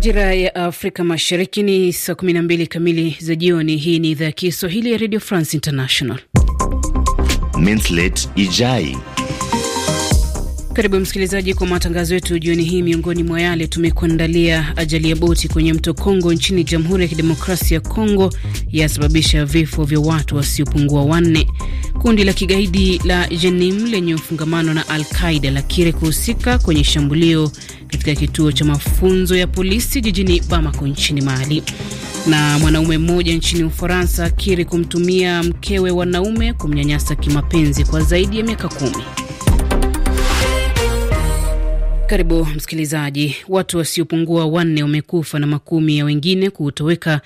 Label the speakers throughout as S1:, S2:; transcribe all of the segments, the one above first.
S1: Majira ya Afrika Mashariki ni saa 12 kamili za jioni. Hii ni idhaa ya Kiswahili ya Radio France International.
S2: Mintlet Ijai
S1: karibu msikilizaji kwa matangazo yetu jioni hii. Miongoni mwa yale tumekuandalia: ajali ya boti kwenye mto Kongo nchini Jamhuri ya Kidemokrasia ya Kongo yasababisha vifo vya watu wasiopungua wanne. Kundi la kigaidi la Jenim lenye mfungamano na Al Qaida la kiri kuhusika kwenye shambulio katika kituo cha mafunzo ya polisi jijini Bamako nchini Mali na mwanaume mmoja nchini Ufaransa akiri kumtumia mkewe wanaume kumnyanyasa kimapenzi kwa zaidi ya miaka kumi. Karibu msikilizaji. Watu wasiopungua wanne wamekufa na makumi ya wengine kutoweka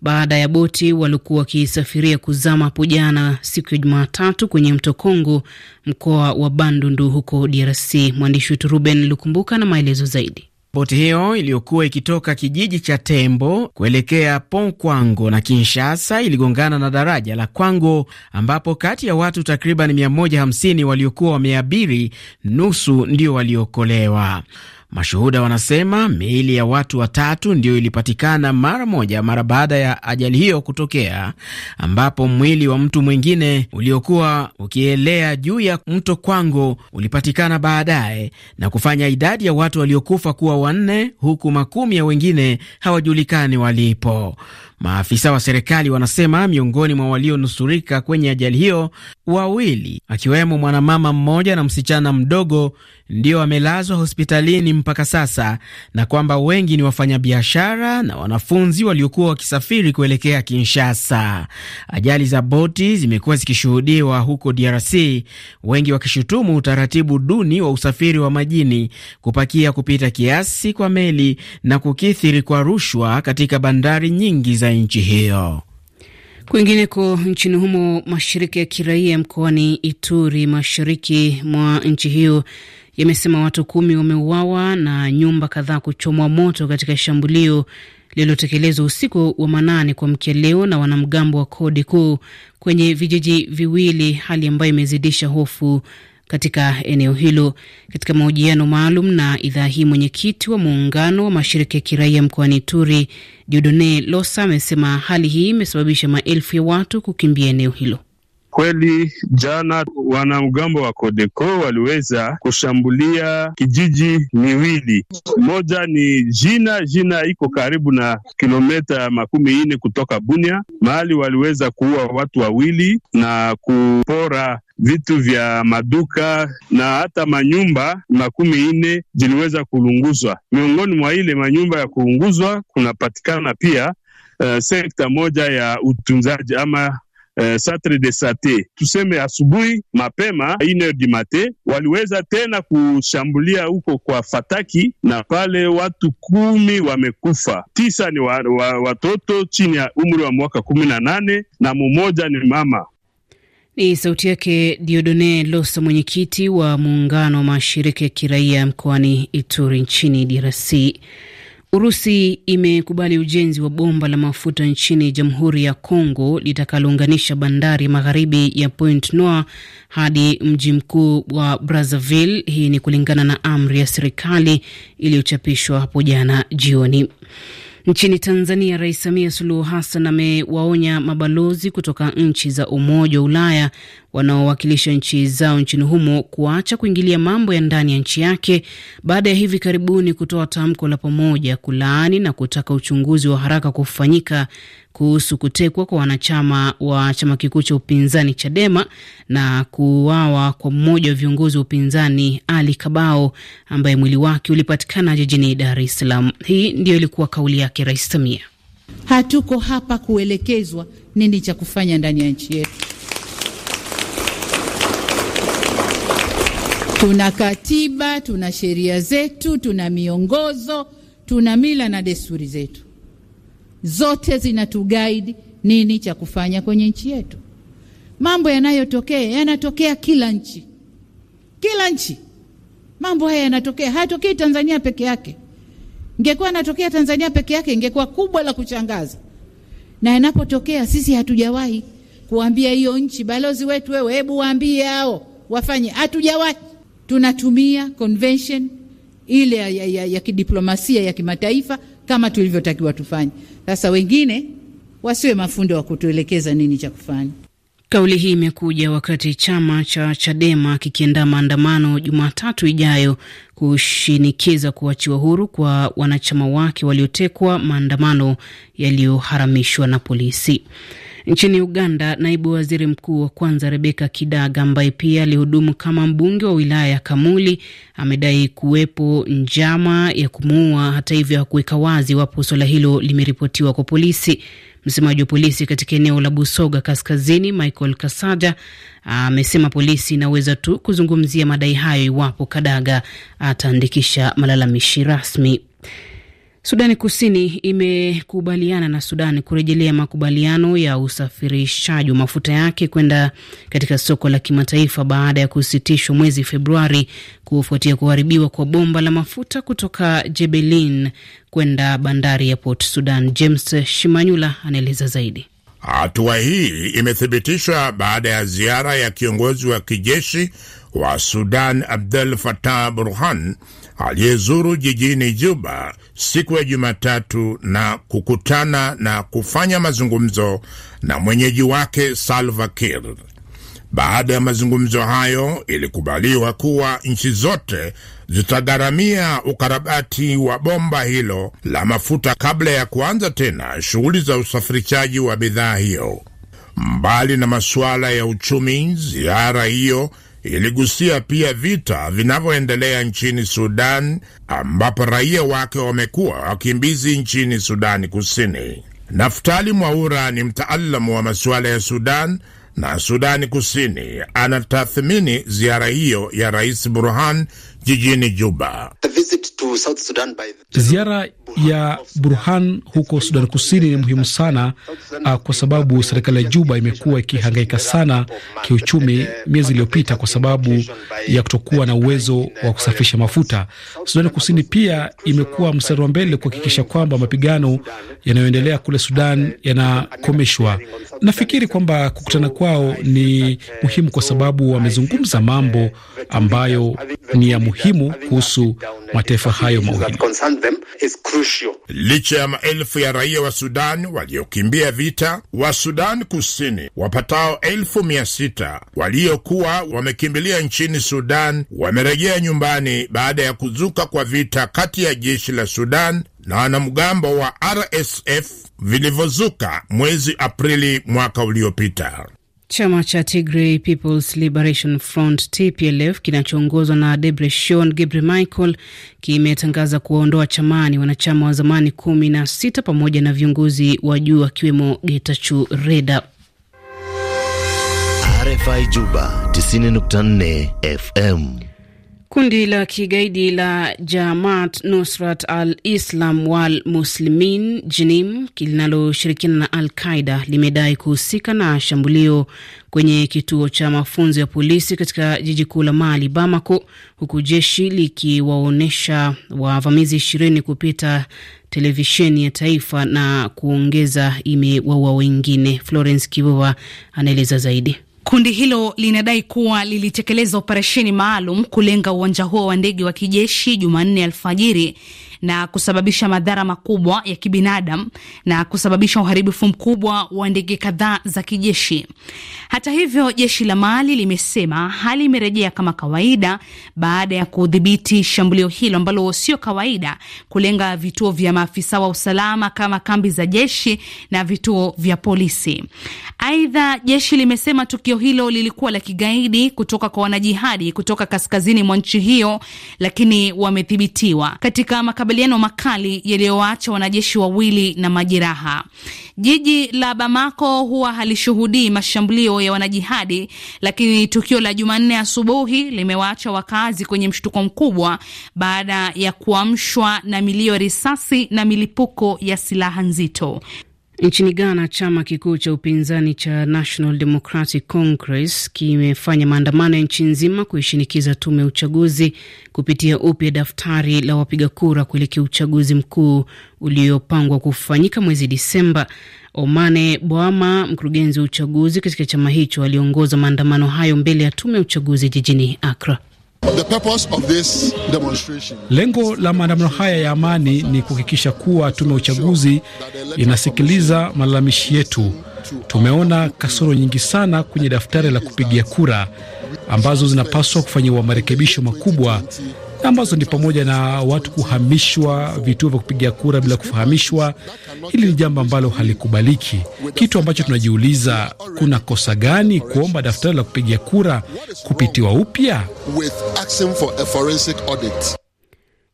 S1: baada ya boti waliokuwa wakisafiria kuzama hapo jana siku ya Jumatatu kwenye mto Kongo, mkoa wa Bandundu huko DRC.
S3: Mwandishi wetu Ruben Lukumbuka na maelezo zaidi. Boti hiyo iliyokuwa ikitoka kijiji cha Tembo kuelekea Pon Kwango na Kinshasa iligongana na daraja la Kwango, ambapo kati ya watu takriban 150 waliokuwa wameabiri, nusu ndio waliokolewa. Mashuhuda wanasema miili ya watu watatu ndiyo ilipatikana mara moja mara baada ya ajali hiyo kutokea, ambapo mwili wa mtu mwingine uliokuwa ukielea juu ya mto Kwango ulipatikana baadaye na kufanya idadi ya watu waliokufa kuwa wanne, huku makumi ya wengine hawajulikani walipo. Maafisa wa serikali wanasema miongoni mwa walionusurika kwenye ajali hiyo, wawili akiwemo mwanamama mmoja na msichana mdogo ndio wamelazwa hospitalini mpaka sasa, na kwamba wengi ni wafanyabiashara na wanafunzi waliokuwa wakisafiri kuelekea Kinshasa. Ajali za boti zimekuwa zikishuhudiwa huko DRC, wengi wakishutumu utaratibu duni wa usafiri wa majini, kupakia kupita kiasi kwa meli na kukithiri kwa rushwa katika bandari nyingi za ya nchi hiyo.
S1: Kwingineko nchini humo, mashirika ya kiraia mkoani Ituri, mashariki mwa nchi hiyo, yamesema watu kumi wameuawa na nyumba kadhaa kuchomwa moto katika shambulio lililotekelezwa usiku wa manane kwa mkia leo na wanamgambo wa kodi kuu kwenye vijiji viwili, hali ambayo imezidisha hofu katika eneo hilo. Katika mahojiano maalum na idhaa hii, mwenyekiti wa muungano wa mashirika ya kiraia mkoani turi Judone Losa amesema hali hii imesababisha maelfu ya watu kukimbia eneo hilo.
S4: Kweli jana wanamgambo wa Kodeko waliweza kushambulia kijiji miwili, moja ni jina jina, iko karibu na kilometa makumi nne kutoka Bunia, mahali waliweza kuua watu wawili na kupora vitu vya maduka na hata manyumba makumi nne ziliweza kulunguzwa. Miongoni mwa ile manyumba ya kulunguzwa kunapatikana pia uh, sekta moja ya utunzaji ama eh, satre de sate, tuseme asubuhi mapema ine du mate waliweza tena kushambulia huko kwa Fataki, na pale watu kumi wamekufa, tisa ni wa, wa, watoto chini ya umri wa mwaka kumi na nane na mmoja ni mama.
S1: Ni sauti yake Diodone Loso, mwenyekiti wa muungano wa mashirika ya kiraia mkoani Ituri nchini DRC. Urusi imekubali ujenzi wa bomba la mafuta nchini Jamhuri ya Kongo litakalounganisha bandari magharibi ya Point Noir hadi mji mkuu wa Brazzaville. Hii ni kulingana na amri ya serikali iliyochapishwa hapo jana jioni. Nchini Tanzania, Rais Samia Suluhu Hassan amewaonya mabalozi kutoka nchi za Umoja wa Ulaya wanaowakilisha nchi zao nchini humo kuacha kuingilia mambo ya ndani ya nchi yake baada ya hivi karibuni kutoa tamko la pamoja kulaani na kutaka uchunguzi wa haraka kufanyika kuhusu kutekwa kwa wanachama wa chama kikuu cha upinzani Chadema na kuuawa kwa mmoja wa viongozi wa upinzani Ali Kabao ambaye mwili wake ulipatikana jijini Dar es Salaam. Hii ndiyo ilikuwa kauli yake Rais Samia.
S5: Hatuko hapa kuelekezwa nini cha kufanya ndani ya nchi yetu. Tuna katiba, tuna sheria zetu, tuna miongozo, tuna mila na desturi zetu, zote zinatuguide nini cha kufanya kwenye nchi yetu. Mambo yanayotokea yanatokea kila nchi, kila nchi. Mambo haya yanatokea, hayatokei Tanzania peke yake. Ingekuwa yanatokea Tanzania peke yake ingekuwa kubwa la kuchangaza, na yanapotokea sisi hatujawahi kuambia hiyo nchi, balozi wetu, wewe hebu waambie hao wafanye, hatujawahi tunatumia convention ile ya, ya, ya kidiplomasia ya kimataifa kama tulivyotakiwa tufanye. Sasa wengine wasiwe mafundo wa kutuelekeza nini cha kufanya.
S1: Kauli hii imekuja wakati chama cha Chadema kikiandaa maandamano Jumatatu ijayo kushinikiza kuachiwa huru kwa wanachama wake waliotekwa, maandamano yaliyoharamishwa na polisi. Nchini Uganda, naibu waziri mkuu wa kwanza Rebeka Kidaga, ambaye pia alihudumu kama mbunge wa wilaya ya Kamuli, amedai kuwepo njama ya kumuua. Hata hivyo, hakuweka wazi iwapo suala hilo limeripotiwa kwa polisi. Msemaji wa polisi katika eneo la Busoga Kaskazini, Michael Kasaja, amesema polisi inaweza tu kuzungumzia madai hayo iwapo Kadaga ataandikisha malalamishi rasmi. Sudani Kusini imekubaliana na Sudan kurejelea makubaliano ya usafirishaji wa mafuta yake kwenda katika soko la kimataifa baada ya kusitishwa mwezi Februari kufuatia kuharibiwa kwa bomba la mafuta kutoka Jebelin kwenda bandari ya Port Sudan. James Shimanyula anaeleza zaidi.
S6: Hatua hii imethibitishwa baada ya ziara ya kiongozi wa kijeshi wa Sudan Abdel Fattah Burhan aliyezuru jijini Juba siku ya Jumatatu na kukutana na kufanya mazungumzo na mwenyeji wake Salva Kiir. Baada ya mazungumzo hayo, ilikubaliwa kuwa nchi zote zitagharamia ukarabati wa bomba hilo la mafuta kabla ya kuanza tena shughuli za usafirishaji wa bidhaa hiyo. Mbali na masuala ya uchumi, ziara hiyo iligusia pia vita vinavyoendelea nchini Sudan, ambapo raia wake wamekuwa wakimbizi nchini Sudani Kusini. Naftali Mwaura ni mtaalamu wa masuala ya Sudan na Sudani Kusini, anatathmini ziara hiyo ya Rais Burhan jijini Juba. Ziara
S4: ya Burhan huko Sudan Kusini ni muhimu sana uh, kwa sababu serikali ya Juba imekuwa ikihangaika sana kiuchumi miezi iliyopita kwa sababu ya kutokuwa na uwezo wa kusafisha mafuta. Sudan Kusini pia imekuwa mstari wa mbele kuhakikisha kwamba mapigano yanayoendelea kule Sudan yanakomeshwa. Nafikiri kwamba kukutana kwao ni muhimu kwa sababu wamezungumza mambo ambayo ni ya muhimu kuhusu mataifa hayo mawili.
S6: Licha ya maelfu ya raia wa Sudan waliokimbia vita, wa Sudan Kusini wapatao elfu mia sita waliokuwa wamekimbilia nchini Sudan wamerejea nyumbani baada ya kuzuka kwa vita kati ya jeshi la Sudan na wanamgambo wa RSF vilivyozuka mwezi Aprili mwaka uliopita.
S1: Chama cha Tigray People's Liberation Front TPLF kinachoongozwa na Shon Gebre Michael kimetangaza kuwaondoa chamani wanachama wa zamani kumi na sita pamoja na viongozi wa juu akiwemo getachu Reda.
S2: RFI Juba 90.4 FM.
S1: Kundi la kigaidi la Jamaat Nusrat al-Islam wal Muslimin Jinim linaloshirikiana na Al-Qaida limedai kuhusika na shambulio kwenye kituo cha mafunzo ya polisi katika jiji kuu la Mali, Bamako, huku jeshi likiwaonyesha wavamizi ishirini kupita televisheni ya taifa na kuongeza imewaua wengine. Florence Kivuva anaeleza zaidi.
S5: Kundi hilo linadai kuwa lilitekeleza operesheni maalum kulenga uwanja huo wa ndege wa kijeshi Jumanne alfajiri na kusababisha madhara makubwa ya kibinadamu na kusababisha uharibifu mkubwa wa ndege kadhaa za kijeshi. Hata hivyo, jeshi la Mali limesema hali imerejea kama kawaida baada ya kudhibiti shambulio hilo ambalo sio kawaida, kulenga vituo vya maafisa wa usalama kama kambi za jeshi na vituo vya polisi. Aidha, jeshi limesema tukio hilo lilikuwa la kigaidi kutoka kwa wanajihadi kutoka kaskazini mwa nchi hiyo, lakini wamethibitiwa katika makabiliano makali yaliyowaacha wanajeshi wawili na majeraha. Jiji la Bamako huwa halishuhudii mashambulio ya wanajihadi, lakini tukio la Jumanne asubuhi limewaacha wakazi kwenye mshtuko mkubwa baada ya kuamshwa na milio ya risasi na milipuko ya silaha nzito.
S1: Nchini Ghana, chama kikuu cha upinzani cha National Democratic Congress kimefanya maandamano ya nchi nzima kuishinikiza tume ya uchaguzi kupitia upya daftari la wapiga kura kuelekea uchaguzi mkuu uliopangwa kufanyika mwezi Disemba. Omane Boama, mkurugenzi wa uchaguzi katika chama hicho, aliongoza maandamano hayo mbele ya tume ya uchaguzi jijini Accra.
S3: The purpose of this
S6: demonstration.
S4: Lengo la maandamano haya ya amani ni kuhakikisha kuwa tume ya uchaguzi inasikiliza malalamishi yetu. Tumeona kasoro nyingi sana kwenye daftari la kupigia kura ambazo zinapaswa kufanyiwa marekebisho makubwa ambazo ni pamoja na watu kuhamishwa vituo vya kupiga kura bila kufahamishwa. Hili ni jambo ambalo halikubaliki, kitu ambacho tunajiuliza, kuna kosa gani kuomba daftari la kupiga kura kupitiwa upya?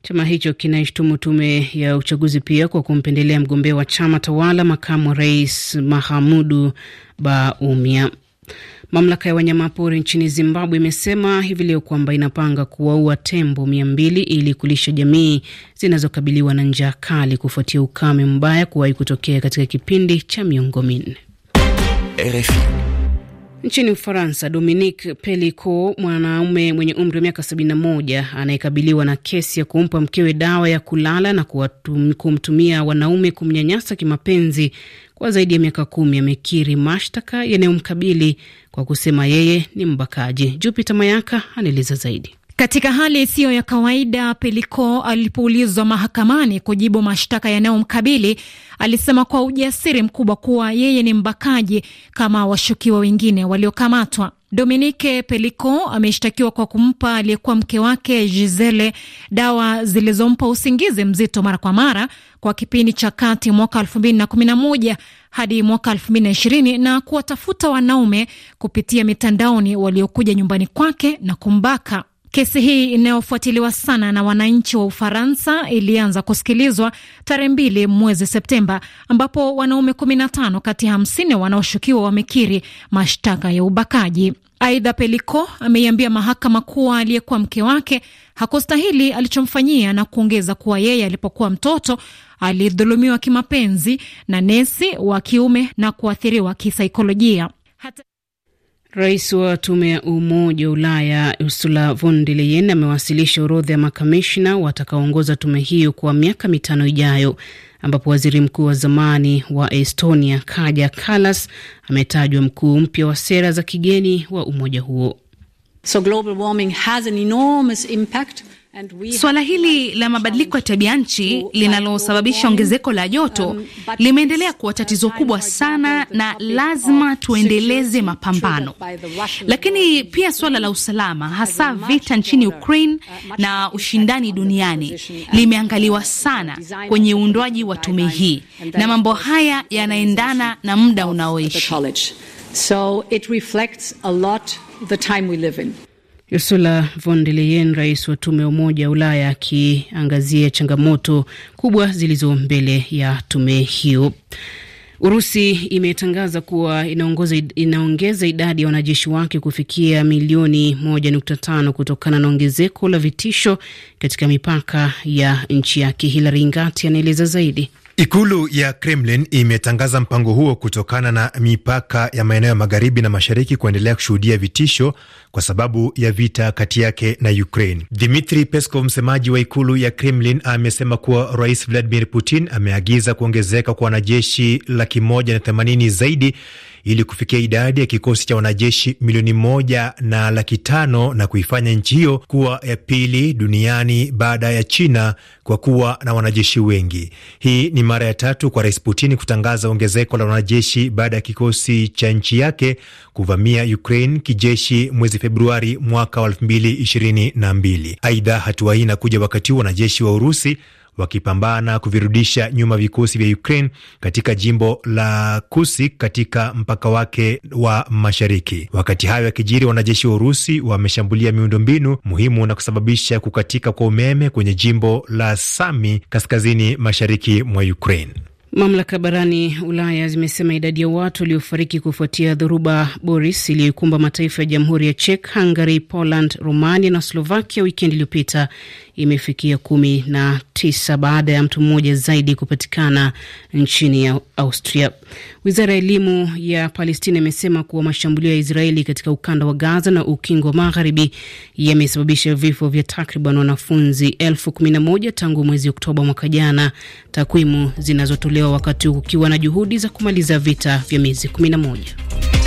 S1: Chama hicho kinaishtumu tume ya uchaguzi pia kwa kumpendelea mgombea wa chama tawala, makamu wa rais Mahamudu Baumia. Mamlaka ya wanyamapori nchini Zimbabwe imesema hivi leo kwamba inapanga kuwaua tembo mia mbili ili kulisha jamii zinazokabiliwa na njaa kali kufuatia ukame mbaya kuwahi kutokea katika kipindi cha miongo minne. Nchini Ufaransa, Dominique pelico mwanaume mwenye umri wa miaka 71 anayekabiliwa na kesi ya kumpa mkewe dawa ya kulala na kumtumia wanaume kumnyanyasa kimapenzi kwa zaidi ya miaka kumi, amekiri mashtaka yanayomkabili kwa kusema yeye ni mbakaji. Jupiter Mayaka anaeleza zaidi.
S7: Katika hali isiyo ya kawaida, Peliko alipoulizwa mahakamani kujibu mashtaka yanayomkabili alisema kwa ujasiri mkubwa kuwa yeye ni mbakaji kama washukiwa wengine waliokamatwa. Dominike pelico ameshtakiwa kwa kumpa aliyekuwa mke wake Gisele dawa zilizompa usingizi mzito mara kwa mara kwa kipindi cha kati mwaka 2011 hadi mwaka 2020 na kuwatafuta wanaume kupitia mitandaoni waliokuja nyumbani kwake na kumbaka. Kesi hii inayofuatiliwa sana na wananchi wa Ufaransa ilianza kusikilizwa tarehe mbili mwezi Septemba, ambapo wanaume 15 kati ya 50 wanaoshukiwa wamekiri mashtaka ya ubakaji. Aidha, pelico ameiambia mahakama kuwa aliyekuwa mke wake hakustahili alichomfanyia na kuongeza kuwa yeye alipokuwa mtoto alidhulumiwa kimapenzi na nesi wa kiume na kuathiriwa kisaikolojia Hata...
S1: Rais wa tume ya Umoja wa Ulaya Ursula von der Leyen amewasilisha orodha ya makamishna watakaoongoza tume hiyo kwa miaka mitano ijayo, ambapo waziri mkuu wa zamani wa Estonia Kaja Kallas ametajwa mkuu mpya wa sera za
S5: kigeni
S1: wa umoja huo.
S5: So global warming has an enormous impact Suala hili la mabadiliko ya tabia nchi linalosababisha ongezeko la joto um, limeendelea kuwa tatizo kubwa sana, na lazima tuendeleze mapambano. Lakini pia suala la usalama, hasa vita nchini Ukraine uh, na ushindani duniani, limeangaliwa sana kwenye uundwaji wa tume hii, na mambo haya yanaendana na muda unaoishi. So it reflects a lot the time we live in.
S1: Ursula von der Leyen, rais wa tume ya Umoja wa Ulaya, akiangazia changamoto kubwa zilizo mbele ya tume hiyo. Urusi imetangaza kuwa inaongeza idadi ya wanajeshi wake kufikia milioni 1.5 kutokana na ongezeko la vitisho katika mipaka ya nchi yake. Hilari Ngati anaeleza zaidi.
S2: Ikulu ya Kremlin imetangaza mpango huo kutokana na mipaka ya maeneo ya magharibi na mashariki kuendelea kushuhudia vitisho kwa sababu ya vita kati yake na Ukraine. Dmitri Peskov, msemaji wa ikulu ya Kremlin, amesema kuwa Rais Vladimir Putin ameagiza kuongezeka kwa wanajeshi laki moja na themanini zaidi ili kufikia idadi ya kikosi cha wanajeshi milioni moja na laki tano na kuifanya nchi hiyo kuwa ya pili duniani baada ya China kwa kuwa na wanajeshi wengi. Hii ni mara ya tatu kwa Rais Putin kutangaza ongezeko la wanajeshi baada ya kikosi cha nchi yake kuvamia Ukraine kijeshi mwezi Februari mwaka wa 2022. Aidha, hatua hii inakuja wakati huu wanajeshi wa Urusi wakipambana kuvirudisha nyuma vikosi vya Ukraine katika jimbo la Kusik katika mpaka wake wa mashariki. Wakati hayo yakijiri, wanajeshi wa Urusi wameshambulia miundombinu muhimu na kusababisha kukatika kwa umeme kwenye jimbo la Sami kaskazini mashariki mwa Ukraine.
S1: Mamlaka barani Ulaya zimesema idadi ya watu waliofariki kufuatia dhoruba Boris iliyoikumba mataifa ya Jamhuri ya Czech, Hungary, Poland, Romania na Slovakia wikendi iliyopita imefikia kumi na tisa baada ya mtu mmoja zaidi kupatikana nchini ya Austria. Wizara ya elimu ya Palestina imesema kuwa mashambulio ya Israeli katika ukanda wa Gaza na ukingo wa magharibi yamesababisha vifo vya takriban wanafunzi elfu kumi na moja tangu mwezi Oktoba mwaka jana, takwimu zinazotolewa wakati ukiwa na juhudi za kumaliza vita vya miezi 11.